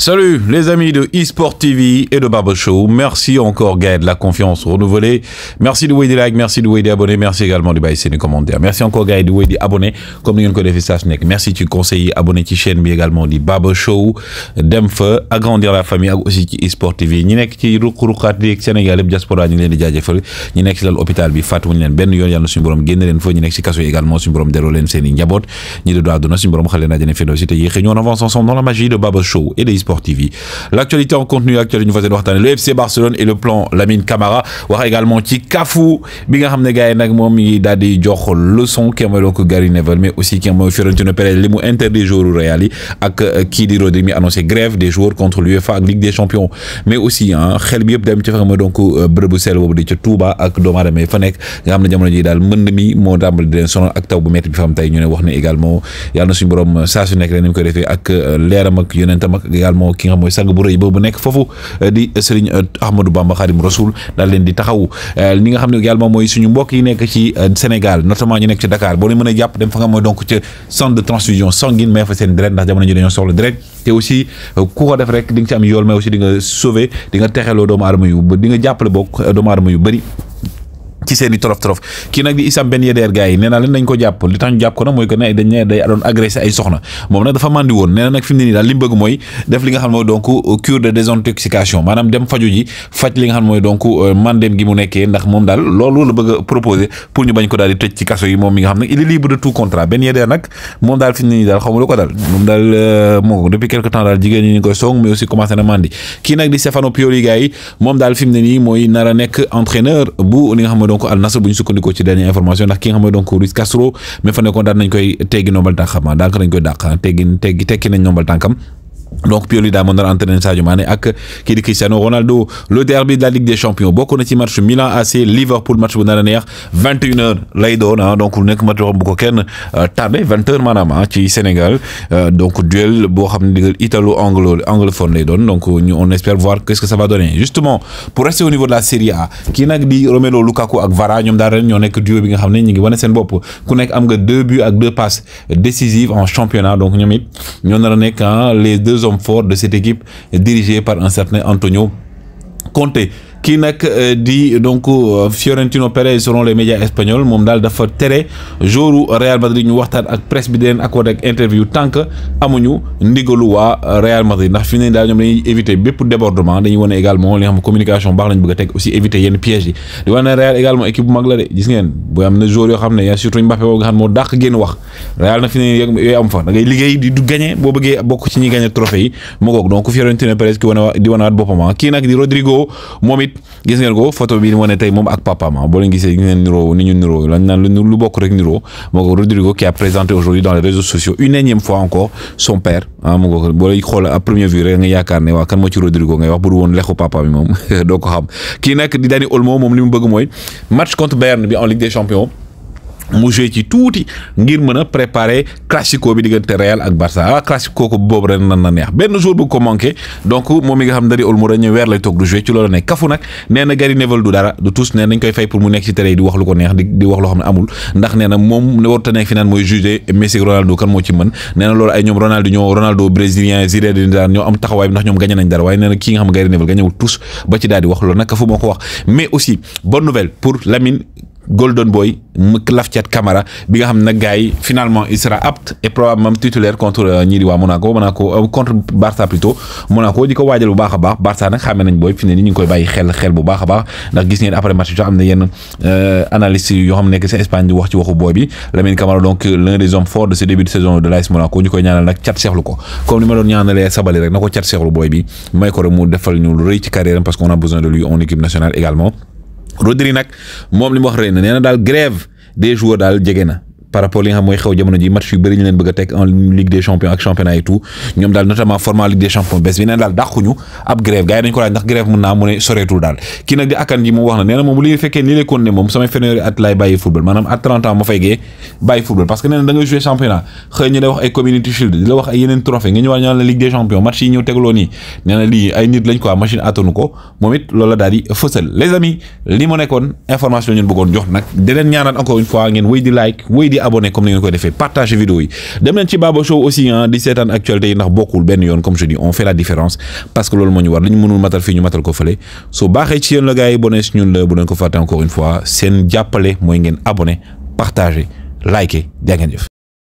Salut les amis de eSport TV et de Barbe Show. Merci encore Gaël de la confiance renouvelée. Merci de vous des likes, merci de vous des abonnés, merci également de baisser les commentaires. Merci encore Gaël de vous des abonnés. Comme nous connaissons ça, merci tu conseiller abonner à chaîne, mais également de Barbe Show, Demfe, agrandir la famille aussi qui eSport TV. Nous sommes qui Rukrukat, les Sénégalais, diaspora, nous sommes déjà Jeffrey, nous sommes à l'hôpital, nous sommes Ben Yon, nous sommes à fo nous sommes à Kasso également, nous sommes à Derolen, nous sommes à Niabot, nous sommes à nous sommes Khalena, nous Nous avance ensemble dans la magie de Barbe Show et des Sport TV. L'actualité en contenu actuel ñu fas yéene le FC Barcelone et le plan Lamine Camara wax également qui Kafou bi nga xam ne gars yi nag moom mi ngi di jox leçon kii mooy donc Gary Neville mais aussi kii mooy Fiorentino Pérez li interdit joueurs Real avec qui euh, kii di Rodri annoncé grève des joueurs contre l'UEFA ak Ligue des Champions mais aussi hein, xel bi yëpp dem ci donc euh, bërëbu sell boobu Touba ak Domare, mais yi fa nekk nga xam ne jamono ji daal mënd mi moo tàmbali di ak taw bu bi ñu ne également yàlla na suñu borom saa su nekk leen ni ko defee ak euh, ak ak également également ki nga xam mooy sàgg bu rëy boobu nekk foofu eh, di Serigne eh, Ahmadou Bamba Khadim Rasoul daal leen di taxawu eh, li nga xam ne également mooy suñu mbokk yi nekk ci Sénégal notamment ñu nekk ci Dakar boo leen mën a jàpp dem fa nga mooy donc ca centre de transfusion sanguine may fa seen deret ndax jamono ji dañoo soxla deret te aussi ku ko def rek di ci am yool mais aussi di nga sauver nga texeloo doomu aadama yu di nga jàppale bokk doomu aadama yu bëri ci seen i torof torof nag di Issam Ben Yedder gars yi nee leen nañ ko jàpp li tax ñu jàpp ko nag moom daal li ne nii daal xaw ko daal moom daal euh, moo depuis quelque temps daal jigéen ñi ñu koy song mais aussi commencé na mandi kii nag di Stefano Pioli yi moom daal fi ne nii mooy nar a nekk entraîneur bu li nga xam ne donc Al Nasr bu ñu sukkandikoo ci dernière information ndax ki nga xam ne donc Ruiz mais fa nekkoon daan koy teggi nombal tànkam daanaka dañ koy dàq teggi teggi tekki nañ nombal tànkam donc Pioli daa mën a Sadio Mané ak Cristiano Ronaldo le derby de la Ligue des Champions beaucoup na ci match Milan AC Liverpool match bu na a neex h lay ah, donc on match bu ko ken tabé 20h manama Sénégal euh, donc duel bo italo anglo anglophone lay donc on espère voir qu'est-ce que ça va donner justement pour rester au niveau de la Serie A qui nak di Romelu Lukaku ak Vara ñom daal ñoo duo bi nga ñi ngi wane deux buts ak deux passes décisives en championnat donc ñoom it ah, les deux deux hommes forts de cette équipe dirigée par un certain Antonio Conte kii nag euh, dit donc euh, Fiorentino Perez selon les médias espagnols moom daal dafa tere jouru Real Madrid ñu waxtaan ak presse bi den accord ak interview tant que amuñu ndigalu wa Real Madrid ndax fini mu ñom dañuy éviter bépp débordement dañuy wone également li xam communication baax lañ bëgg a aussi éviter yenn piège yi di wane Real également équipe bu mag la de gis ngeen bu am na joueurs yoo xam ne surtout Mbappé boobu nga xam mo dàq génn wax. Real na fi ne am fa da ngay liggéey di du gagner bo beugé bokk ci ñi gagner trophée yi ma goog donc Fiorentina Perez ki wona di wanewaat bopama ah. ki nak di Rodrigo momit it gis ngeen ko photo bi woné tay mom ak papa ma ah. bo leen gisee gis ngeen niroo ni ñu niroo lañ naan lu bokk rek niro ma goog Rodrigo qui a présenté aujourd'hui dans les réseaux sociaux une énième fois encore son père ah ma goog boo lay xol à première vue rek nga yaakaar ne waa kan mo ci Rodrigo ngay wax bu won lexu papa bi mom do ko xam ki nak di Dani Olmo mom limu bëgg moy match contre Bayern bi en Ligue des Champions mu joué ci touti ngir mëna préparer classico bi diggante Real ak Barça ah classico ko bobu ren nan na neex benn jour bu ko manquer donc momi nga xam dari Olmo dañu weer lay tok du joué ci loolu nekk kafu nak néna Gary Neville du dara du tous né nañ koy fay pour mu nekk ci télé di wax lu ko neex di wax lo xam amul ndax néna mom moom warut a nekk fi naan mooy jugé Messi Ronaldo kan mo ci mën néna na loolu ay ñom Ronaldo ñoo Ronaldo brésilien Zinedine Zidane ñoo am taxawaay ndax ñom gagné nañ dara way néna ki nga xam Gary Neville gagné gañewul tous ba ci daal di wax loolu nak kafu moo ko wax mais aussi bonne nouvelle pour Lamine Golden Boy mu Laftiat Camara bi nga xam ne gars finalement il sera apte et probablement titulaire contre euh, ñii di waa Monaco Monaco euh, contre Barça plutôt Monaco a ñu koy a baax ndax euh, ñaanal nag cat seexlu ko comme ni ma doon ñaanalee Sabaly rek na ko cat seexlu booy bi may ko rek mu defal ñu lu rëy ci carrière parce qu'on a besoin de lui en équipe nationale également Rodri nag moom li mu wax rëy na nee na daal grève des joueurs daal jege na. par rapport li nga xam xew jamono ji match yu bari ñu leen bëgg a en Ligue des champions ak championnat et tout ñom dal notamment format Ligue des champions bés bi neen daal ñu ab grève gaay dañ ko laaj ndax grève mën naa mu ne soreetul dal ki nag di akkan ji mu wax na neena na moom li fekke ni lay continuer moom sama fanweeri at lay bàyyi football manam at 30 ans ma fay gee bàyyi football parce que neena da nga jouer championnat xey ñu lay wax ay community shield di la wax ay yeneen trophée nga ñëwaat ñaan la Ligue des champions match yi ñëw tegaloo ni neena li ay nit lañ quoi machine atonu ko momit it loolu la di feussel les amis li mo nekkoon information ñun bëggoon jox nak de leen ñaanal encore une fois ngeen wëy di like wëy di abonnez abonné comme ni ngeen koy defee vidéo yi dem leen ci Show aussi un 17 ans actualité yi ndax bokul ben yon comme je dis on fait la différence parce que loolu moo ñu war ñu mënul matal fi ñu matal ko feulé so baxé ci yéen la gars yi bonee ñun la bu ko faté encore une fois s'en jappalé moy ngeen abonné partager liker jaa ngeen